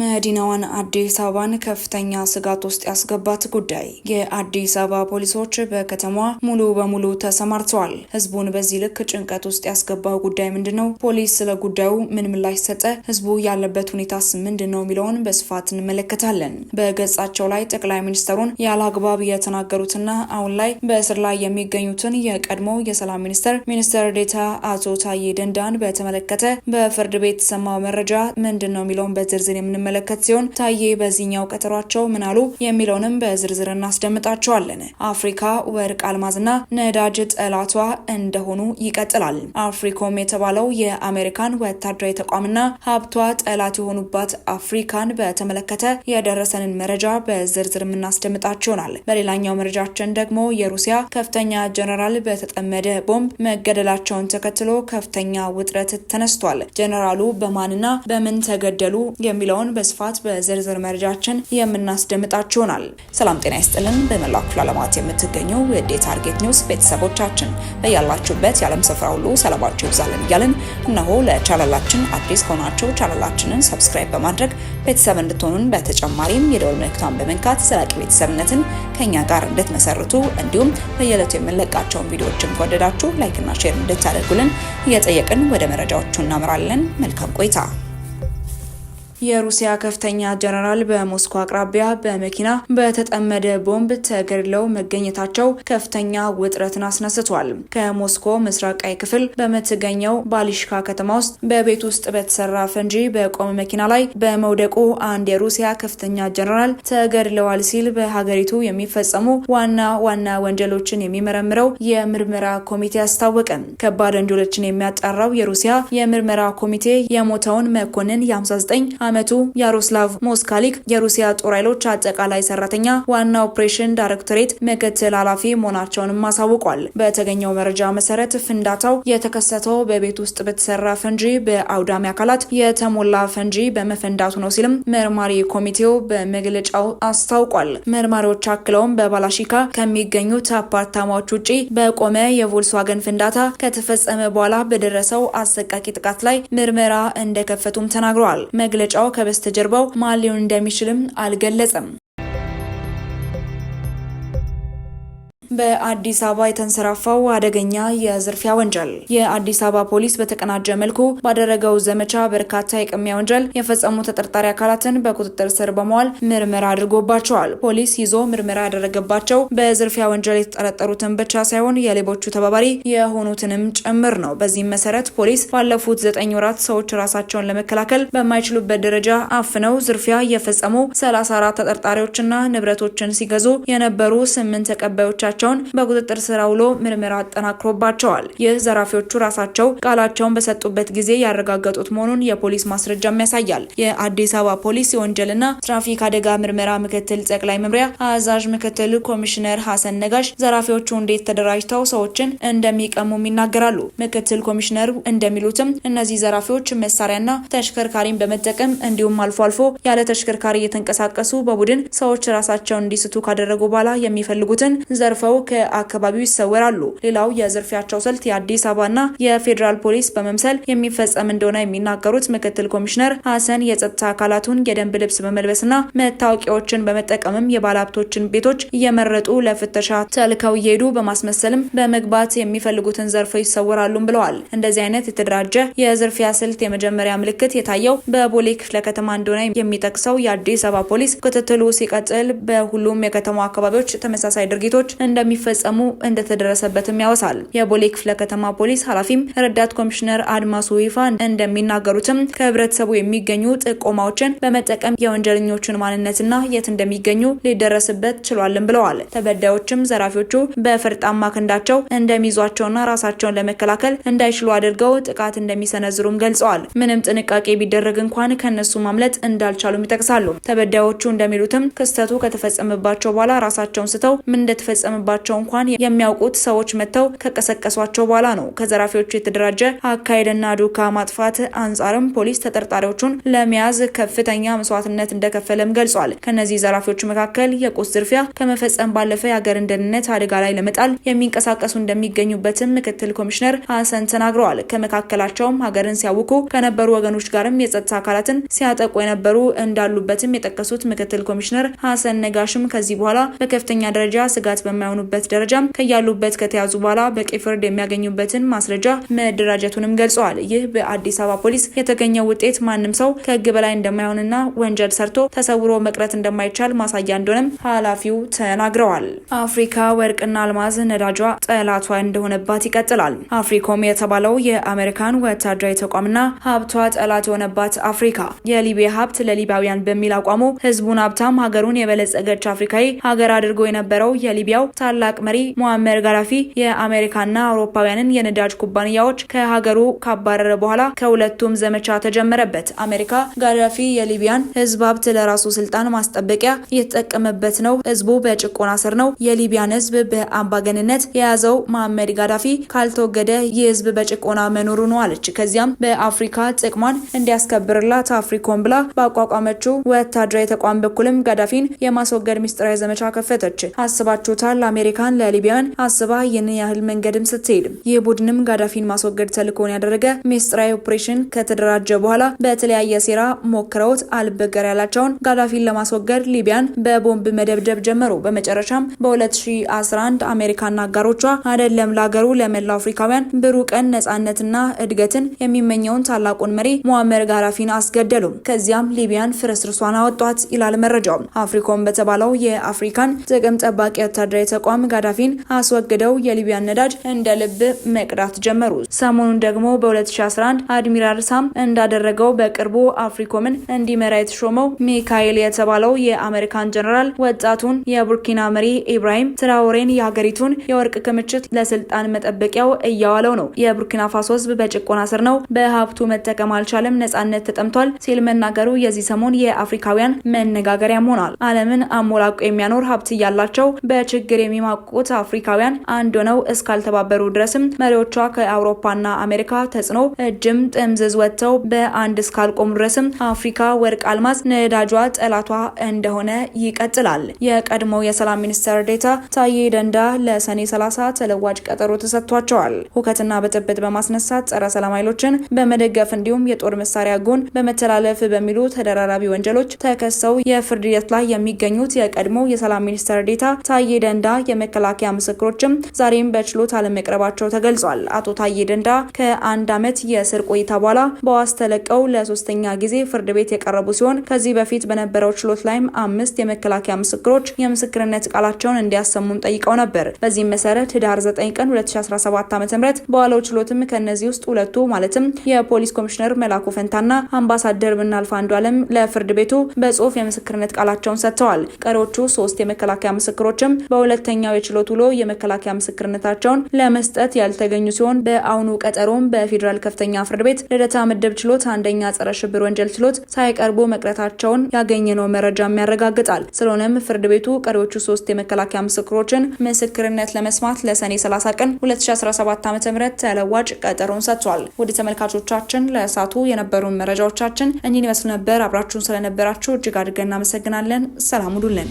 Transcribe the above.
መዲናዋን አዲስ አበባን ከፍተኛ ስጋት ውስጥ ያስገባት ጉዳይ የአዲስ አበባ ፖሊሶች በከተማዋ ሙሉ በሙሉ ተሰማርተዋል። ህዝቡን በዚህ ልክ ጭንቀት ውስጥ ያስገባው ጉዳይ ምንድን ነው? ፖሊስ ስለ ጉዳዩ ምን ምላሽ ሰጠ? ህዝቡ ያለበት ሁኔታስ ምንድን ነው የሚለውን በስፋት እንመለከታለን። በገጻቸው ላይ ጠቅላይ ሚኒስትሩን ያለ አግባብ የተናገሩትና አሁን ላይ በእስር ላይ የሚገኙትን የቀድሞ የሰላም ሚኒስትር ሚኒስትር ዴታ አቶ ታዬ ደንዳን በተመለከተ በፍርድ ቤት የተሰማው መረጃ ምንድን ነው የሚለውን በዝርዝር የምንመለ የሚመለከት ሲሆን ታዬ በዚህኛው ቀጠሯቸው ምን አሉ የሚለውንም በዝርዝር እናስደምጣቸዋለን። አፍሪካ ወርቅ አልማዝና ነዳጅ ጠላቷ እንደሆኑ ይቀጥላል። አፍሪኮም የተባለው የአሜሪካን ወታደራዊ ተቋምና ሀብቷ ጠላት የሆኑባት አፍሪካን በተመለከተ የደረሰንን መረጃ በዝርዝር የምናስደምጣቸው ይሆናል። በሌላኛው መረጃችን ደግሞ የሩሲያ ከፍተኛ ጀነራል በተጠመደ ቦምብ መገደላቸውን ተከትሎ ከፍተኛ ውጥረት ተነስቷል። ጀነራሉ በማንና በምን ተገደሉ የሚለውን በስፋት በዝርዝር መረጃችን የምናስደምጣችሁ ይሆናል። ሰላም ጤና ይስጥልን። በመላው ክፍለ ዓለማት የምትገኙ የዴ ታርጌት ኒውስ ቤተሰቦቻችን በያላችሁበት የዓለም ስፍራ ሁሉ ሰላማችሁ ይብዛልን እያልን እነሆ ለቻናላችን አዲስ ከሆናችሁ ቻናላችንን ሰብስክራይብ በማድረግ ቤተሰብ እንድትሆኑን በተጨማሪም የደወል ምልክቷን በመንካት ዘላቂ ቤተሰብነትን ከኛ ጋር እንድትመሰርቱ እንዲሁም በየዕለቱ የምንለቃቸውን ቪዲዮዎችን ከወደዳችሁ ላይክና ሼር እንድታደርጉልን እየጠየቅን ወደ መረጃዎቹ እናምራለን። መልካም ቆይታ። የሩሲያ ከፍተኛ ጀነራል በሞስኮ አቅራቢያ በመኪና በተጠመደ ቦምብ ተገድለው መገኘታቸው ከፍተኛ ውጥረትን አስነስቷል። ከሞስኮ ምስራቃዊ ክፍል በምትገኘው ባሊሽካ ከተማ ውስጥ በቤት ውስጥ በተሰራ ፈንጂ በቆመ መኪና ላይ በመውደቁ አንድ የሩሲያ ከፍተኛ ጀነራል ተገድለዋል ሲል በሀገሪቱ የሚፈጸሙ ዋና ዋና ወንጀሎችን የሚመረምረው የምርመራ ኮሚቴ አስታወቀ። ከባድ ወንጀሎችን የሚያጣራው የሩሲያ የምርመራ ኮሚቴ የሞተውን መኮንን የ59 ዓመቱ ያሮስላቭ ሞስካሊክ የሩሲያ ጦር ኃይሎች አጠቃላይ ሰራተኛ ዋና ኦፕሬሽን ዳይሬክቶሬት ምክትል ኃላፊ መሆናቸውንም አሳውቋል። በተገኘው መረጃ መሰረት ፍንዳታው የተከሰተው በቤት ውስጥ በተሰራ ፈንጂ በአውዳሚ አካላት የተሞላ ፈንጂ በመፈንዳቱ ነው ሲልም መርማሪ ኮሚቴው በመግለጫው አስታውቋል። መርማሪዎች አክለውም በባላሺካ ከሚገኙት አፓርታማዎች ውጪ በቆመ የቮልስዋገን ፍንዳታ ከተፈጸመ በኋላ በደረሰው አሰቃቂ ጥቃት ላይ ምርመራ እንደከፈቱም ተናግረዋል። መግለጫ መግለጫው ከበስተጀርባው ማን ሊሆን እንደሚችልም አልገለጸም። በአዲስ አበባ የተንሰራፋው አደገኛ የዝርፊያ ወንጀል። የአዲስ አበባ ፖሊስ በተቀናጀ መልኩ ባደረገው ዘመቻ በርካታ የቅሚያ ወንጀል የፈጸሙ ተጠርጣሪ አካላትን በቁጥጥር ስር በመዋል ምርመራ አድርጎባቸዋል። ፖሊስ ይዞ ምርመራ ያደረገባቸው በዝርፊያ ወንጀል የተጠረጠሩትን ብቻ ሳይሆን የሌቦቹ ተባባሪ የሆኑትንም ጭምር ነው። በዚህም መሰረት ፖሊስ ባለፉት ዘጠኝ ወራት ሰዎች ራሳቸውን ለመከላከል በማይችሉበት ደረጃ አፍነው ዝርፊያ የፈጸሙ 34 ተጠርጣሪዎችና ንብረቶችን ሲገዙ የነበሩ ስምንት ተቀባዮቻቸው መሆናቸውን በቁጥጥር ስር አውሎ ምርመራ አጠናክሮባቸዋል። ይህ ዘራፊዎቹ ራሳቸው ቃላቸውን በሰጡበት ጊዜ ያረጋገጡት መሆኑን የፖሊስ ማስረጃም ያሳያል። የአዲስ አበባ ፖሊስ የወንጀልና ትራፊክ አደጋ ምርመራ ምክትል ጠቅላይ መምሪያ አዛዥ ምክትል ኮሚሽነር ሀሰን ነጋሽ ዘራፊዎቹ እንዴት ተደራጅተው ሰዎችን እንደሚቀሙም ይናገራሉ። ምክትል ኮሚሽነሩ እንደሚሉትም እነዚህ ዘራፊዎች መሳሪያና ተሽከርካሪን በመጠቀም እንዲሁም አልፎ አልፎ ያለ ተሽከርካሪ የተንቀሳቀሱ በቡድን ሰዎች ራሳቸውን እንዲስቱ ካደረጉ በኋላ የሚፈልጉትን ዘርፈው ተጠልፈው ከአካባቢው ይሰወራሉ። ሌላው የዝርፊያቸው ስልት የአዲስ አበባና የፌዴራል ፖሊስ በመምሰል የሚፈጸም እንደሆነ የሚናገሩት ምክትል ኮሚሽነር ሀሰን የጸጥታ አካላቱን የደንብ ልብስ በመልበስና መታወቂያዎችን በመጠቀምም የባለሀብቶችን ቤቶች እየመረጡ ለፍተሻ ተልከው እየሄዱ በማስመሰልም በመግባት የሚፈልጉትን ዘርፈው ይሰወራሉም ብለዋል። እንደዚህ አይነት የተደራጀ የዝርፊያ ስልት የመጀመሪያ ምልክት የታየው በቦሌ ክፍለ ከተማ እንደሆነ የሚጠቅሰው የአዲስ አበባ ፖሊስ ክትትሉ ሲቀጥል በሁሉም የከተማው አካባቢዎች ተመሳሳይ ድርጊቶች እንደ እንደሚፈጸሙ እንደተደረሰበትም ያወሳል። የቦሌ ክፍለ ከተማ ፖሊስ ኃላፊም ረዳት ኮሚሽነር አድማሱ ይፋ እንደሚናገሩትም ከህብረተሰቡ የሚገኙ ጥቆማዎችን በመጠቀም የወንጀለኞቹን ማንነትና የት እንደሚገኙ ሊደረስበት ችሏልም ብለዋል። ተበዳዮችም ዘራፊዎቹ በፈርጣማ ክንዳቸው እንደሚይዟቸውና ራሳቸውን ለመከላከል እንዳይችሉ አድርገው ጥቃት እንደሚሰነዝሩም ገልጸዋል። ምንም ጥንቃቄ ቢደረግ እንኳን ከእነሱ ማምለጥ እንዳልቻሉም ይጠቅሳሉ። ተበዳዮቹ እንደሚሉትም ክስተቱ ከተፈጸመባቸው በኋላ ራሳቸውን ስተው ምን እንደተፈጸመ እንደደረሰባቸው እንኳን የሚያውቁት ሰዎች መጥተው ከቀሰቀሷቸው በኋላ ነው። ከዘራፊዎቹ የተደራጀ አካሄድና ዱካ ማጥፋት አንጻርም ፖሊስ ተጠርጣሪዎቹን ለመያዝ ከፍተኛ መስዋዕትነት እንደከፈለም ገልጿል። ከነዚህ ዘራፊዎች መካከል የቁስ ዝርፊያ ከመፈጸም ባለፈ የሀገርን ደህንነት አደጋ ላይ ለመጣል የሚንቀሳቀሱ እንደሚገኙበትም ምክትል ኮሚሽነር ሀሰን ተናግረዋል። ከመካከላቸውም ሀገርን ሲያውኩ ከነበሩ ወገኖች ጋርም የጸጥታ አካላትን ሲያጠቁ የነበሩ እንዳሉበትም የጠቀሱት ምክትል ኮሚሽነር ሀሰን ነጋሽም ከዚህ በኋላ በከፍተኛ ደረጃ ስጋት በማይሆኑ በሚሆኑበት ደረጃም ከያሉበት ከተያዙ በኋላ በቂ ፍርድ የሚያገኙበትን ማስረጃ መደራጀቱንም ገልጸዋል። ይህ በአዲስ አበባ ፖሊስ የተገኘው ውጤት ማንም ሰው ከህግ በላይ እንደማይሆንና ወንጀል ሰርቶ ተሰውሮ መቅረት እንደማይቻል ማሳያ እንደሆነም ኃላፊው ተናግረዋል። አፍሪካ ወርቅና አልማዝ ነዳጇ ጠላቷ እንደሆነባት ይቀጥላል። አፍሪኮም የተባለው የአሜሪካን ወታደራዊ ተቋምና ሀብቷ ጠላት የሆነባት አፍሪካ የሊቢያ ሀብት ለሊቢያውያን በሚል አቋሙ ህዝቡን ሀብታም ሀገሩን የበለጸገች አፍሪካዊ ሀገር አድርጎ የነበረው የሊቢያው ታላቅ መሪ ሙአመር ጋዳፊ የአሜሪካና አውሮፓውያንን የነዳጅ ኩባንያዎች ከሀገሩ ካባረረ በኋላ ከሁለቱም ዘመቻ ተጀመረበት። አሜሪካ ጋዳፊ የሊቢያን ህዝብ ሀብት ለራሱ ስልጣን ማስጠበቂያ እየተጠቀመበት ነው፣ ህዝቡ በጭቆና ስር ነው፣ የሊቢያን ህዝብ በአምባገንነት የያዘው መሐመድ ጋዳፊ ካልተወገደ ይህ ህዝብ በጭቆና መኖሩ ነው አለች። ከዚያም በአፍሪካ ጥቅሟን እንዲያስከብርላት አፍሪኮን ብላ በአቋቋመችው ወታደራዊ ተቋም በኩልም ጋዳፊን የማስወገድ ሚስጥራዊ ዘመቻ ከፈተች። አስባችሁታል? አሜሪካን ለሊቢያን አስባ ይህንን ያህል መንገድም ስትሄድም ይህ ቡድንም ጋዳፊን ማስወገድ ተልኮን ያደረገ ሚስጥራዊ ኦፕሬሽን ከተደራጀ በኋላ በተለያየ ሴራ ሞክረውት አልበገር ያላቸውን ጋዳፊን ለማስወገድ ሊቢያን በቦምብ መደብደብ ጀመሩ። በመጨረሻም በ2011 አሜሪካና አጋሮቿ አይደለም ለሀገሩ ለመላው አፍሪካውያን ብሩቀን ቀን ነጻነትና እድገትን የሚመኘውን ታላቁን መሪ ሙአመር ጋዳፊን አስገደሉ። ከዚያም ሊቢያን ፍርስርሷን አወጧት ይላል መረጃው። አፍሪኮም በተባለው የአፍሪካን ጥቅም ጠባቂ ወታደራዊ ተቋ ተቋም ጋዳፊን አስወግደው የሊቢያን ነዳጅ እንደ ልብ መቅዳት ጀመሩ። ሰሞኑን ደግሞ በ2011 አድሚራል ሳም እንዳደረገው በቅርቡ አፍሪኮምን እንዲመራ የተሾመው ሚካኤል የተባለው የአሜሪካን ጀነራል ወጣቱን የቡርኪና መሪ ኢብራሂም ትራውሬን የሀገሪቱን የወርቅ ክምችት ለስልጣን መጠበቂያው እያዋለው ነው። የቡርኪና ፋሶ ህዝብ በጭቆና ስር ነው፣ በሀብቱ መጠቀም አልቻለም፣ ነጻነት ተጠምቷል ሲል መናገሩ የዚህ ሰሞን የአፍሪካውያን መነጋገሪያ ሆኗል። ዓለምን አሞላቁ የሚያኖር ሀብት እያላቸው በችግር የሚ ከሚማቁት አፍሪካውያን አንድ ሆነው እስካልተባበሩ ድረስም መሪዎቿ ከአውሮፓና አሜሪካ ተጽዕኖ እጅም ጥምዝዝ ወጥተው በአንድ እስካልቆሙ ድረስም አፍሪካ ወርቅ አልማዝ ነዳጇ ጠላቷ እንደሆነ ይቀጥላል። የቀድሞ የሰላም ሚኒስትር ዴታ ታዬ ደንዳ ለሰኔ 30 ተለዋጭ ቀጠሮ ተሰጥቷቸዋል። ሁከትና ብጥብጥ በማስነሳት ጸረ ሰላም ኃይሎችን በመደገፍ እንዲሁም የጦር መሳሪያ ጎን በመተላለፍ በሚሉ ተደራራቢ ወንጀሎች ተከሰው የፍርድ ሂደት ላይ የሚገኙት የቀድሞ የሰላም ሚኒስትር ዴታ ታዬ ደንዳ የመከላከያ ምስክሮችም ዛሬም በችሎት አለመቅረባቸው ተገልጿል። አቶ ታዬ ደንዳ ከአንድ ዓመት የእስር ቆይታ በኋላ በዋስ ተለቀው ለሶስተኛ ጊዜ ፍርድ ቤት የቀረቡ ሲሆን ከዚህ በፊት በነበረው ችሎት ላይም አምስት የመከላከያ ምስክሮች የምስክርነት ቃላቸውን እንዲያሰሙም ጠይቀው ነበር። በዚህም መሰረት ህዳር 9 ቀን 2017 ዓ ም በዋለው ችሎትም ከእነዚህ ውስጥ ሁለቱ ማለትም የፖሊስ ኮሚሽነር መላኩ ፈንታና አምባሳደር ብናልፍ አንዱ አለም ለፍርድ ቤቱ በጽሁፍ የምስክርነት ቃላቸውን ሰጥተዋል። ቀሪዎቹ ሶስት የመከላከያ ምስክሮችም በሁለት በሁለተኛው የችሎት ውሎ የመከላከያ ምስክርነታቸውን ለመስጠት ያልተገኙ ሲሆን በአሁኑ ቀጠሮም በፌዴራል ከፍተኛ ፍርድ ቤት ልደታ ምድብ ችሎት አንደኛ ጸረ ሽብር ወንጀል ችሎት ሳይቀርቡ መቅረታቸውን ያገኘነው መረጃም ያረጋግጣል። ስለሆነም ፍርድ ቤቱ ቀሪዎቹ ሶስት የመከላከያ ምስክሮችን ምስክርነት ለመስማት ለሰኔ 30 ቀን 2017 .ም ተለዋጭ ቀጠሮን ሰጥቷል። ወደ ተመልካቾቻችን ለእሳቱ የነበሩን መረጃዎቻችን እኒህን ይመስሉ ነበር። አብራችሁን ስለነበራችሁ እጅግ አድርገን እናመሰግናለን። ሰላም ሁኑልን።